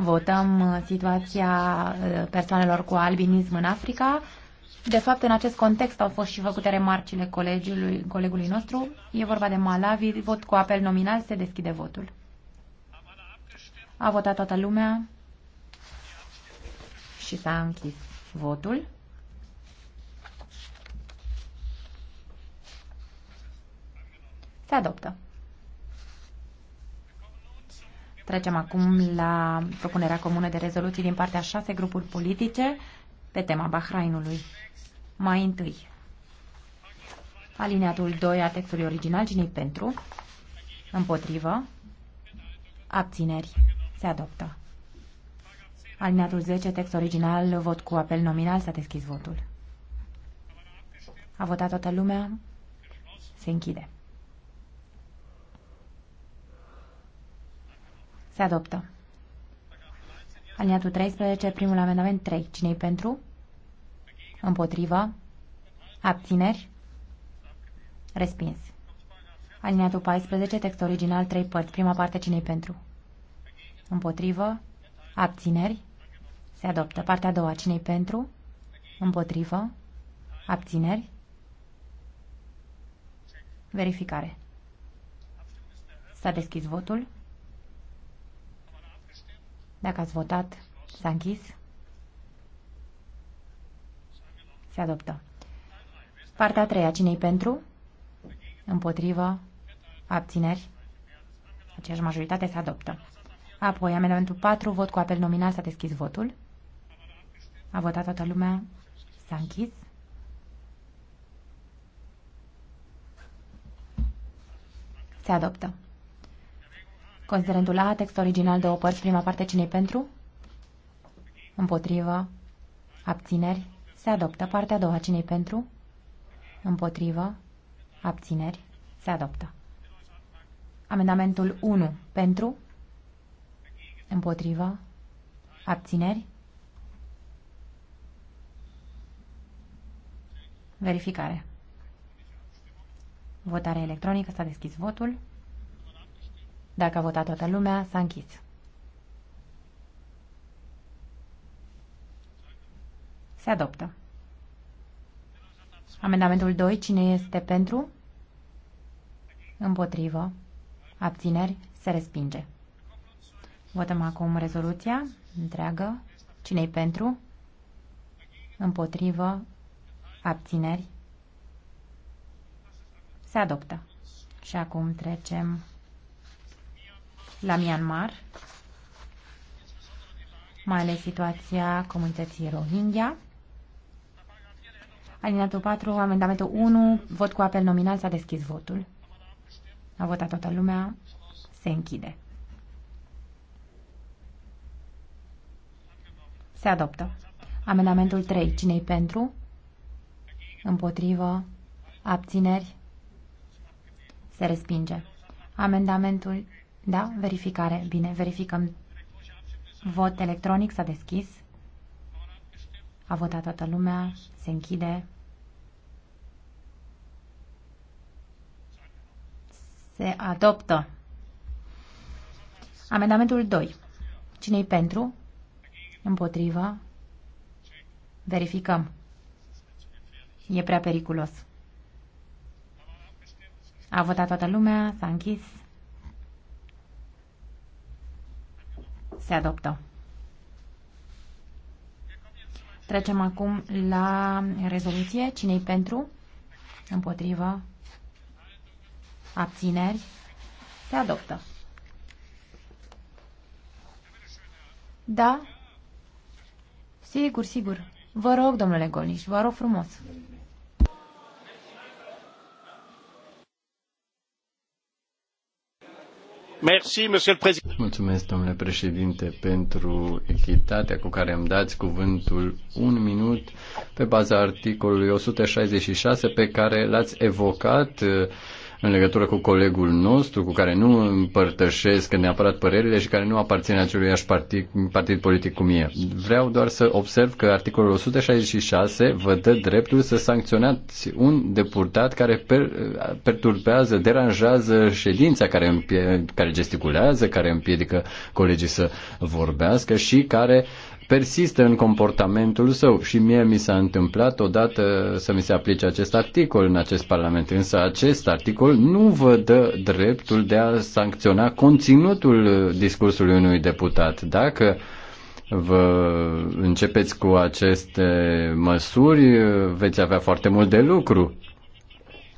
votăm uh, situația uh, persoanelor cu albinism în Africa. De fapt, în acest context au fost și făcute remarcile colegiului colegului nostru. E vorba de Malawi. Vot cu apel nominal. Se deschide votul. A votat toată lumea și s-a închis votul. Se adoptă. Trecem acum la propunerea comună de rezoluții din partea șase grupuri politice pe tema Bahrainului. Mai întâi, alineatul 2 a textului original, cine pentru? Împotrivă? Abțineri. Se adoptă. Alineatul 10, text original, vot cu apel nominal, s-a deschis votul. A votat toată lumea? Se închide. Se adoptă. Aliniatul 13, primul amendament 3. Cine-i pentru? Împotrivă? Abțineri? Respins. Aliniatul 14, text original, 3 părți. Prima parte, cine-i pentru? Împotrivă? Abțineri? Se adoptă. Partea a doua, cine-i pentru? Împotrivă? Abțineri? Verificare. S-a deschis votul. Dacă ați votat, s-a închis. Se adoptă. Partea a treia. Cine-i pentru? Împotrivă? Abțineri? Aceeași majoritate se adoptă. Apoi, amendamentul 4, vot cu apel nominal, s-a deschis votul. A votat toată lumea, s-a închis. Se adoptă. Considerentul A, text original, o părți, prima parte, cine pentru? Împotrivă. Abțineri. Se adoptă. Partea a doua, cine pentru? Împotrivă. Abțineri. Se adoptă. Amendamentul 1. Pentru? Împotrivă. Abțineri. Verificare. Votare electronică. S-a deschis votul. Dacă a votat toată lumea, s-a închis. Se adoptă. Amendamentul 2. Cine este pentru? Împotrivă. Abțineri. Se respinge. Votăm acum rezoluția întreagă. cine pentru? Împotrivă. Abțineri. Se adoptă. Și acum trecem la Myanmar, mai ales situația comunității Rohingya. Alinatul 4, amendamentul 1, vot cu apel nominal, s-a deschis votul. A votat toată lumea, se închide. Se adoptă. Amendamentul 3. Cine-i pentru? Împotrivă? Abțineri? Se respinge. Amendamentul da? Verificare. Bine, verificăm. Vot electronic s-a deschis. A votat toată lumea. Se închide. Se adoptă. Amendamentul 2. Cine-i pentru? Împotriva? Verificăm. E prea periculos. A votat toată lumea, s-a închis. Se adoptă. Trecem acum la rezoluție. cine pentru? Împotrivă? Abțineri? Se adoptă. Da? Sigur, sigur. Vă rog, domnule Golniș, vă rog frumos. Mulțumesc, domnule președinte, pentru echitatea cu care îmi dați cuvântul un minut pe baza articolului 166 pe care l-ați evocat în legătură cu colegul nostru, cu care nu împărtășesc neapărat părerile și care nu aparține aceluiași partid, partid politic cu mie. Vreau doar să observ că articolul 166 vă dă dreptul să sancționați un deputat care per, perturbează, deranjează ședința, care, împie, care gesticulează, care împiedică colegii să vorbească și care persistă în comportamentul său și mie mi s-a întâmplat odată să mi se aplice acest articol în acest parlament, însă acest articol protocol nu vă dă dreptul de a sancționa conținutul discursului unui deputat. Dacă vă începeți cu aceste măsuri, veți avea foarte mult de lucru.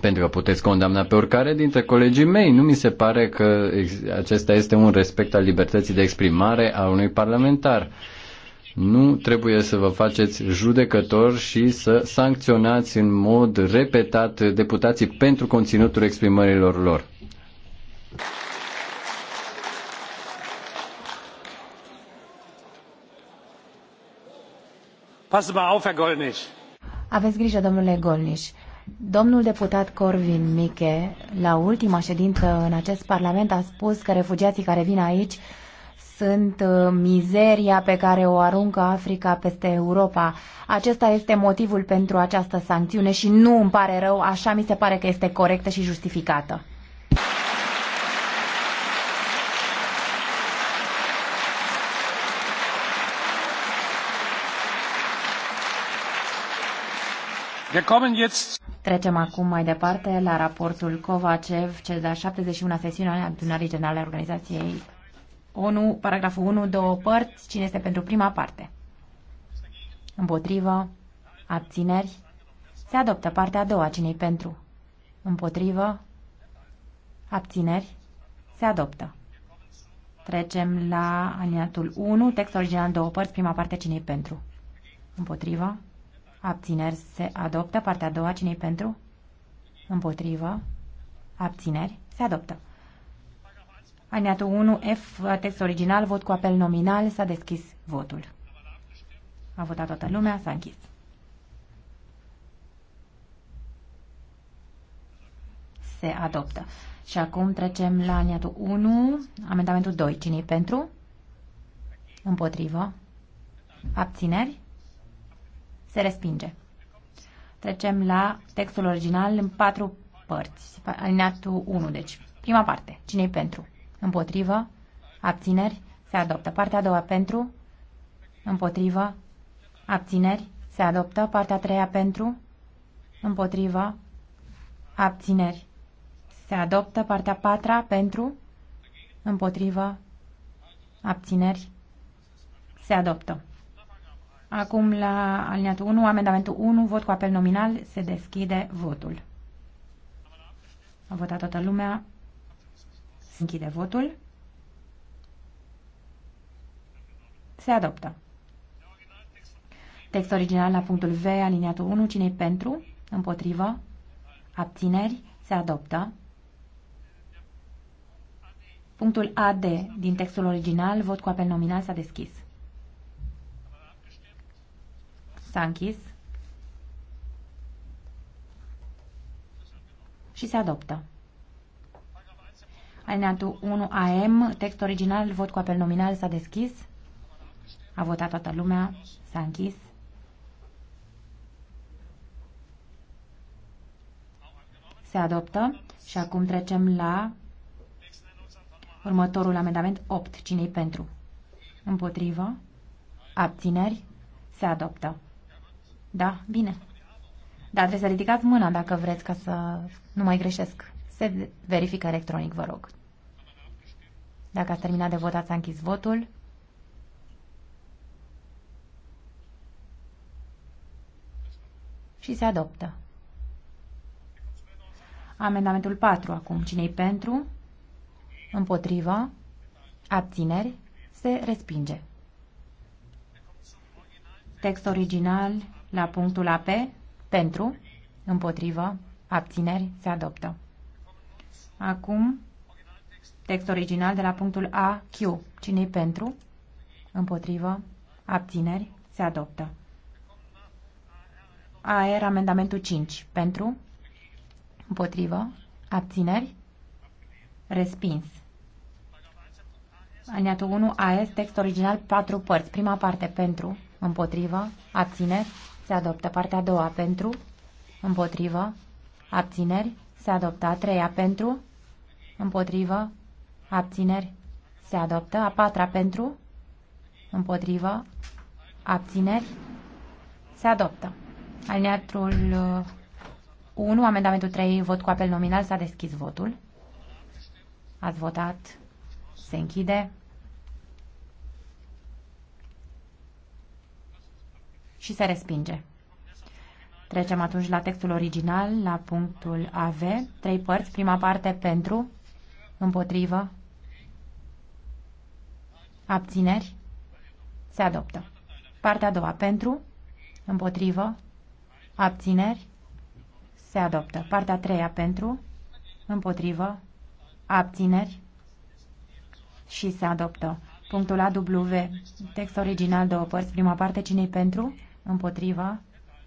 Pentru că puteți condamna pe oricare dintre colegii mei. Nu mi se pare că acesta este un respect al libertății de exprimare a unui parlamentar. Nu trebuie să vă faceți judecători și să sancționați în mod repetat deputații pentru conținutul exprimărilor lor. Aveți grijă, domnule Golniș. Domnul deputat Corvin Miche, la ultima ședință în acest parlament, a spus că refugiații care vin aici sunt uh, mizeria pe care o aruncă Africa peste Europa. Acesta este motivul pentru această sancțiune și nu îmi pare rău, așa mi se pare că este corectă și justificată. Trecem acum mai departe la raportul Kovacev, cel de-a 71-a sesiune a adunării generale a Organizației 1, paragraful 1, două părți. Cine este pentru prima parte? Împotrivă. Abțineri. Se adoptă partea a doua. cine pentru? Împotrivă. Abțineri. Se adoptă. Trecem la alineatul 1, text original două părți, prima parte cine pentru? Împotrivă. Abțineri se adoptă. Partea a doua, cine pentru? Împotrivă. Abțineri se adoptă. Alineatul 1, F, text original, vot cu apel nominal, s-a deschis votul. A votat toată lumea, s-a închis. Se adoptă. Și acum trecem la aniatul 1, amendamentul 2. cine pentru? Împotrivă. Abțineri? Se respinge. Trecem la textul original în patru părți. Alineatul 1, deci prima parte. cine pentru? Împotrivă. Abțineri. Se adoptă. Partea a doua pentru. Împotrivă. Abțineri. Se adoptă. Partea a treia pentru. Împotrivă. Abțineri. Se adoptă. Partea a patra pentru. Împotrivă. Abțineri. Se adoptă. Acum la alineatul 1, amendamentul 1, vot cu apel nominal, se deschide votul. A votat toată lumea, Închide votul. Se adoptă. Text original la punctul V, aliniatul 1, cine pentru? Împotrivă? Abțineri? Se adoptă. Punctul AD din textul original, vot cu apel nominal, s-a deschis. S-a închis. Și se adoptă. Alineatul 1 AM, text original, vot cu apel nominal s-a deschis. A votat toată lumea, s-a închis. Se adoptă și acum trecem la următorul amendament 8. Cine-i pentru? Împotrivă? Abțineri? Se adoptă. Da, bine. Da, trebuie să ridicați mâna dacă vreți ca să nu mai greșesc. Se verifică electronic, vă rog. Dacă ați terminat de votat, s-a închis votul. Și se adoptă. Amendamentul 4 acum. Cine-i pentru? Împotriva? Abțineri? Se respinge. Text original la punctul AP. Pentru? Împotriva? Abțineri? Se adoptă. Acum, text original de la punctul A, Q. Cine-i pentru? Împotrivă? Abțineri? Se adoptă. AR, amendamentul 5. Pentru? Împotrivă? Abțineri? Respins. Aniatul 1, AS, text original, 4 părți. Prima parte, pentru, împotrivă, abțineri, se adoptă. Partea a doua, pentru, împotrivă, abțineri, se adoptă. A treia, pentru, Împotrivă. Abțineri. Se adoptă. A patra pentru. Împotrivă. Abțineri. Se adoptă. Alineatul 1, uh, amendamentul 3, vot cu apel nominal. S-a deschis votul. Ați votat. Se închide. Și se respinge. Trecem atunci la textul original, la punctul AV. Trei părți. Prima parte pentru, Împotrivă? Abțineri? Se adoptă. Partea a doua. Pentru? Împotrivă? Abțineri? Se adoptă. Partea a treia. Pentru? Împotrivă? Abțineri? Și se adoptă. Punctul A W. Text original, două părți. Prima parte, cine pentru? Împotrivă?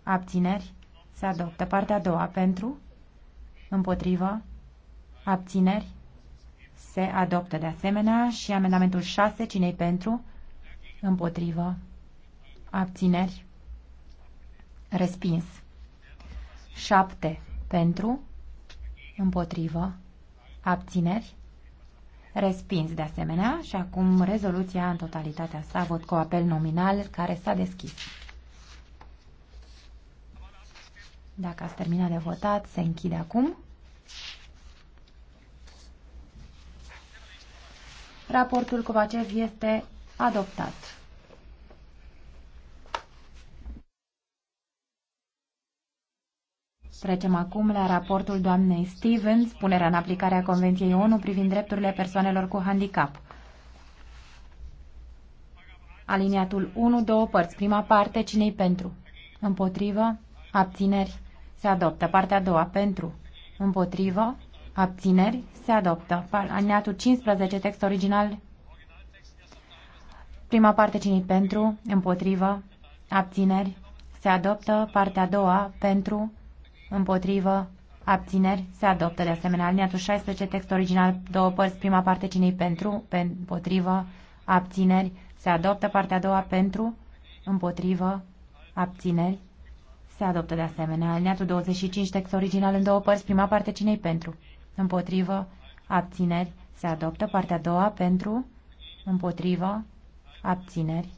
Abțineri? Se adoptă. Partea a doua. Pentru? Împotrivă? Abțineri? se adoptă de asemenea și amendamentul 6, cinei pentru, împotrivă, abțineri, respins. 7 pentru, împotrivă, abțineri, respins de asemenea și acum rezoluția în totalitatea sa, vot cu apel nominal care s-a deschis. Dacă ați terminat de votat, se închide acum. Raportul Covacev este adoptat. Trecem acum la raportul doamnei Stevens, punerea în aplicare a Convenției ONU privind drepturile persoanelor cu handicap. Aliniatul 1, două părți. Prima parte, cine-i pentru? Împotrivă? Abțineri? Se adoptă. Partea a doua, pentru? Împotrivă? Abțineri? Se adoptă. Aliniatul 15, text original. Prima parte cine pentru? Împotrivă. Abțineri? Se adoptă. Partea a doua pentru? Împotrivă. Abțineri? Se adoptă. De asemenea, Aliniatul 16, text original, două părți. Prima parte cine pentru? Împotrivă. Abțineri? Se adoptă. Partea a doua pentru? Împotrivă. Abțineri? Se adoptă de asemenea. Alineatul 25, text original în două părți. Prima parte cinei pentru? împotrivă, abțineri, se adoptă. Partea a doua pentru, împotrivă, abțineri,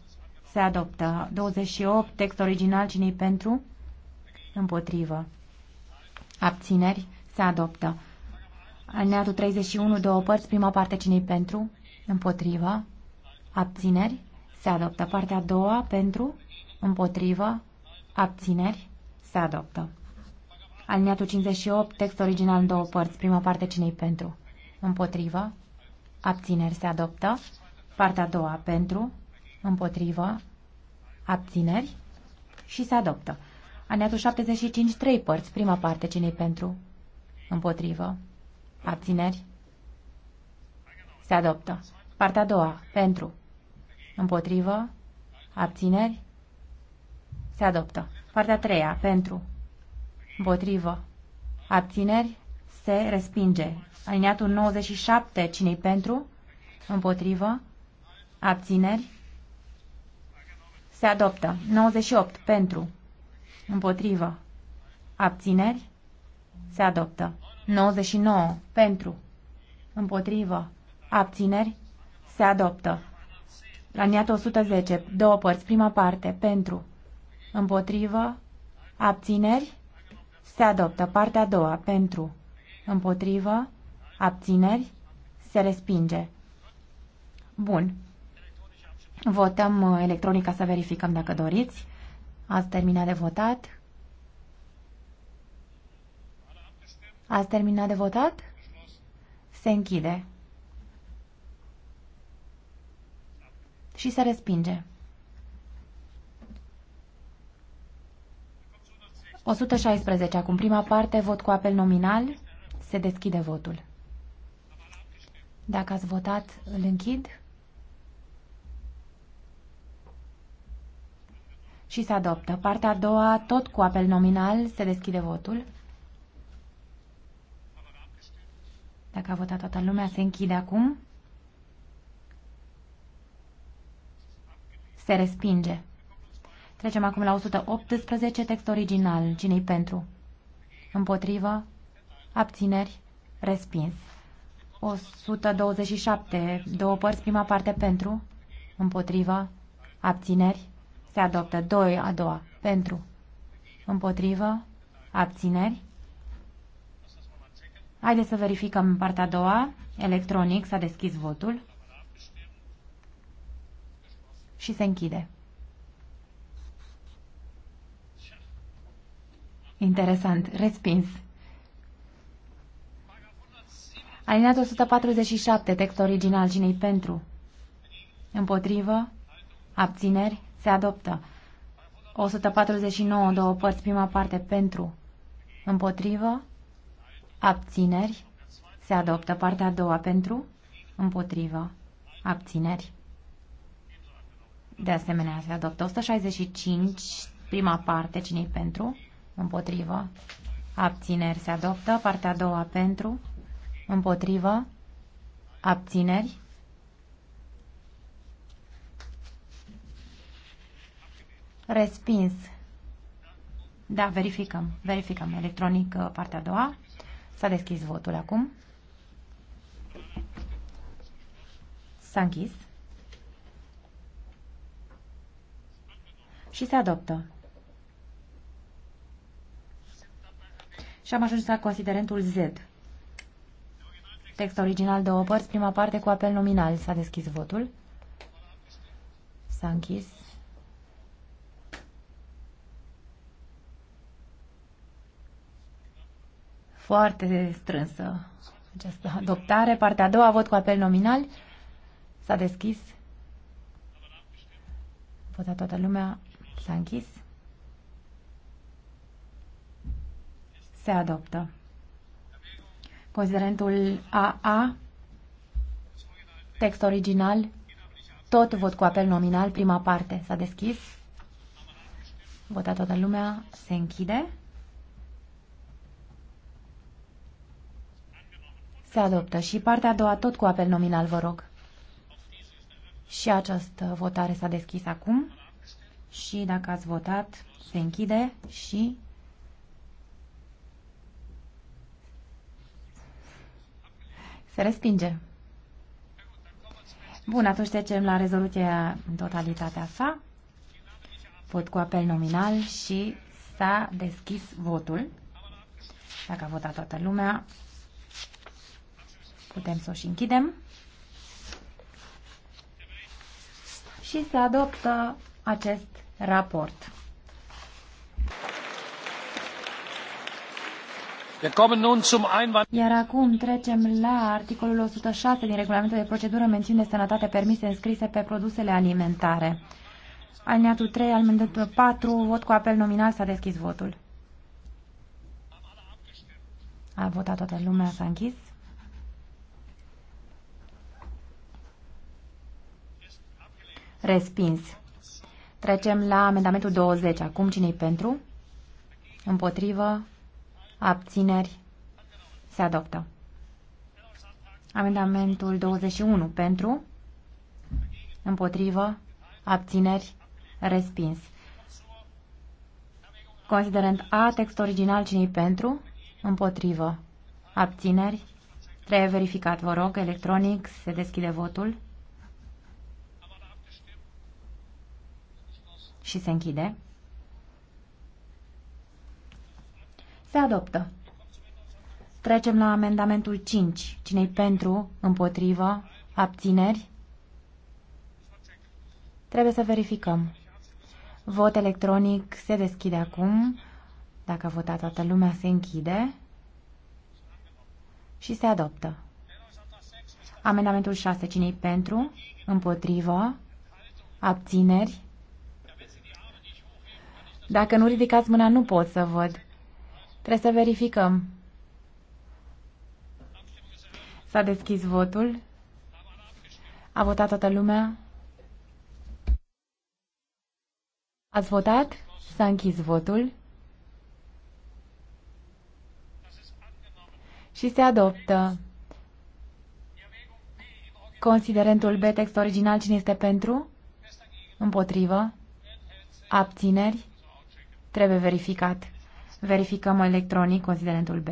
se adoptă. 28, text original, cine pentru, împotrivă, abțineri, se adoptă. Alineatul 31, două părți, prima parte, cine pentru, împotrivă, abțineri, se adoptă. Partea a doua, pentru, împotrivă, abțineri, se adoptă. Alineatul 58, text original în două părți. Prima parte cinei pentru? Împotrivă. Abțineri se adoptă. Partea a doua pentru. Împotrivă. Abțineri. Și se adoptă. Alineatul 75, trei părți. Prima parte cinei pentru? Împotrivă. Abțineri. Se adoptă. Partea a doua. Pentru. Împotrivă. Abțineri. Se adoptă. Partea a treia. Pentru. Împotrivă. Abțineri. Se respinge. Aliniatul 97. cine pentru? Împotrivă. Abțineri. Se adoptă. 98. Pentru. Împotrivă. Abțineri. Se adoptă. 99. Pentru. Împotrivă. Abțineri. Se adoptă. Aliniatul 110. Două părți. Prima parte. Pentru. Împotrivă. Abțineri. Se adoptă. Partea a doua. Pentru. Împotrivă. Abțineri. Se respinge. Bun. Votăm uh, electronica să verificăm dacă doriți. Ați terminat de votat? Ați terminat de votat? Se închide. Și se respinge. 116. Acum prima parte, vot cu apel nominal. Se deschide votul. Dacă ați votat, îl închid. Și se adoptă. Partea a doua, tot cu apel nominal, se deschide votul. Dacă a votat toată lumea, se închide acum. Se respinge. Trecem acum la 118, text original. cine pentru? Împotrivă? Abțineri? Respins. 127, două părți, prima parte pentru? Împotrivă? Abțineri? Se adoptă. 2, a doua. Pentru? Împotrivă? Abțineri? Haideți să verificăm partea a doua. Electronic s-a deschis votul și se închide. Interesant. Respins. Alineat 147, text original. cinei pentru? Împotrivă? Abțineri? Se adoptă. 149, două părți, prima parte, pentru. Împotrivă? Abțineri? Se adoptă. Partea a doua, pentru? Împotrivă? Abțineri? De asemenea, se adoptă. 165, prima parte, cine pentru? Împotrivă. Abțineri se adoptă. Partea a doua pentru. Împotrivă. Abțineri. Respins. Da, verificăm. Verificăm electronic uh, partea a doua. S-a deschis votul acum. S-a închis. Și se adoptă. Și am ajuns la considerentul Z. Text original, două părți, prima parte cu apel nominal. S-a deschis votul. S-a închis. Foarte strânsă această adoptare. Partea a doua, vot cu apel nominal. S-a deschis. Vota toată lumea. S-a închis. Se adoptă. Considerentul AA, text original, tot vot cu apel nominal, prima parte. S-a deschis. Vota toată lumea. Se închide. Se adoptă. Și partea a doua, tot cu apel nominal, vă rog. Și această votare s-a deschis acum. Și dacă ați votat, se închide și Se respinge. Bun, atunci trecem la rezoluția în totalitatea sa. Vot cu apel nominal și s-a deschis votul. Dacă a votat toată lumea, putem să o și închidem. Și se adoptă acest raport. Iar acum trecem la articolul 106 din regulamentul de procedură mențiune de sănătate permise înscrise pe produsele alimentare. Alineatul 3, alineatul 4, vot cu apel nominal, s-a deschis votul. A votat toată lumea, s-a închis. Respins. Trecem la amendamentul 20. Acum cine-i pentru? Împotrivă? Abțineri. Se adoptă. Amendamentul 21 pentru. Împotrivă. Abțineri. Respins. Considerând A, text original cine pentru. Împotrivă. Abțineri. Trebuie verificat, vă rog, electronic, se deschide votul. Și se închide. Se adoptă. Trecem la amendamentul 5. Cine-i pentru? Împotrivă? Abțineri? Trebuie să verificăm. Vot electronic se deschide acum. Dacă a votat toată lumea, se închide și se adoptă. Amendamentul 6. Cine-i pentru? Împotrivă? Abțineri? Dacă nu ridicați mâna, nu pot să văd. Trebuie să verificăm. S-a deschis votul. A votat toată lumea. Ați votat? S-a închis votul. Și se adoptă. Considerentul B text original cine este pentru? Împotrivă? Abțineri? Trebuie verificat. Verificăm electronic considerentul B.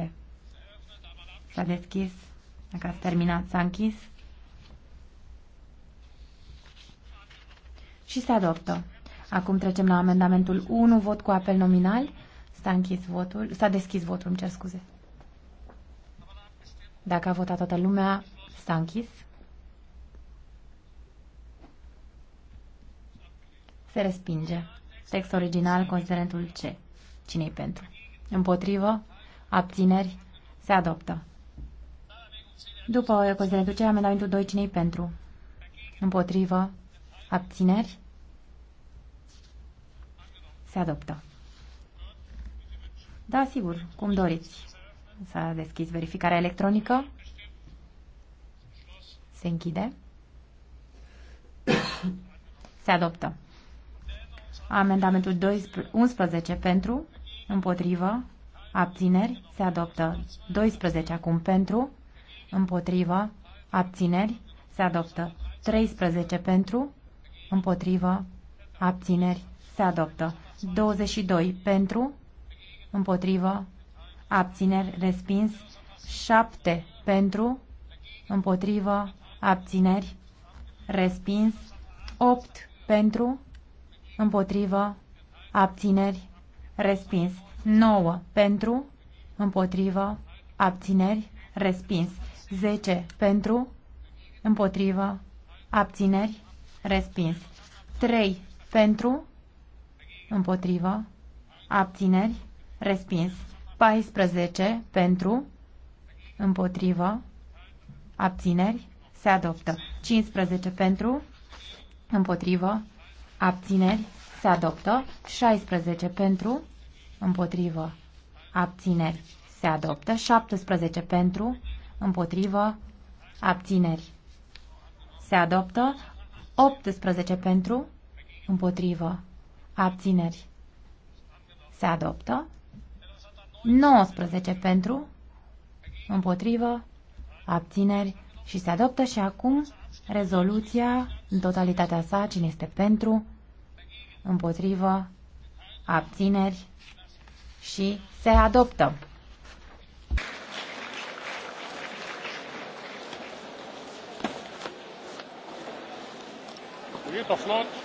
S-a deschis. Dacă ați terminat, s-a închis. Și se adoptă. Acum trecem la amendamentul 1, vot cu apel nominal. S-a închis votul, s-a deschis votul, îmi cer scuze. Dacă a votat toată lumea, s-a închis. Se respinge. Text original, considerentul C. Cine-i pentru? Împotrivă? Abțineri? Se adoptă. După considerentul reducere, amendamentul 2, cine pentru? Împotrivă? Abțineri? Se adoptă. Da, sigur, cum doriți. S-a deschis verificarea electronică. Se închide. Se adoptă. Amendamentul 12, 11 pentru, Împotrivă. Abțineri. Se adoptă. 12 acum pentru. Împotrivă. Abțineri. Se adoptă. 13 pentru. Împotrivă. Abțineri. Se adoptă. 22 pentru. Împotrivă. Abțineri. Respins. 7 pentru. Împotrivă. Abțineri. Respins. 8 pentru. Împotrivă. Abțineri respins. 9 pentru, împotrivă, abțineri, respins. 10 pentru, împotrivă, abțineri, respins. 3 pentru, împotrivă, abțineri, respins. 14 pentru, împotrivă, abțineri, se adoptă. 15 pentru, împotrivă, abțineri, se adoptă, 16 pentru, împotrivă, abțineri, se adoptă, 17 pentru, împotrivă, abțineri, se adoptă, 18 pentru, împotrivă, abțineri, se adoptă, 19 pentru, împotrivă, abțineri și se adoptă și acum rezoluția în totalitatea sa, cine este pentru, împotrivă, abțineri și se adoptă. Geht doch flott.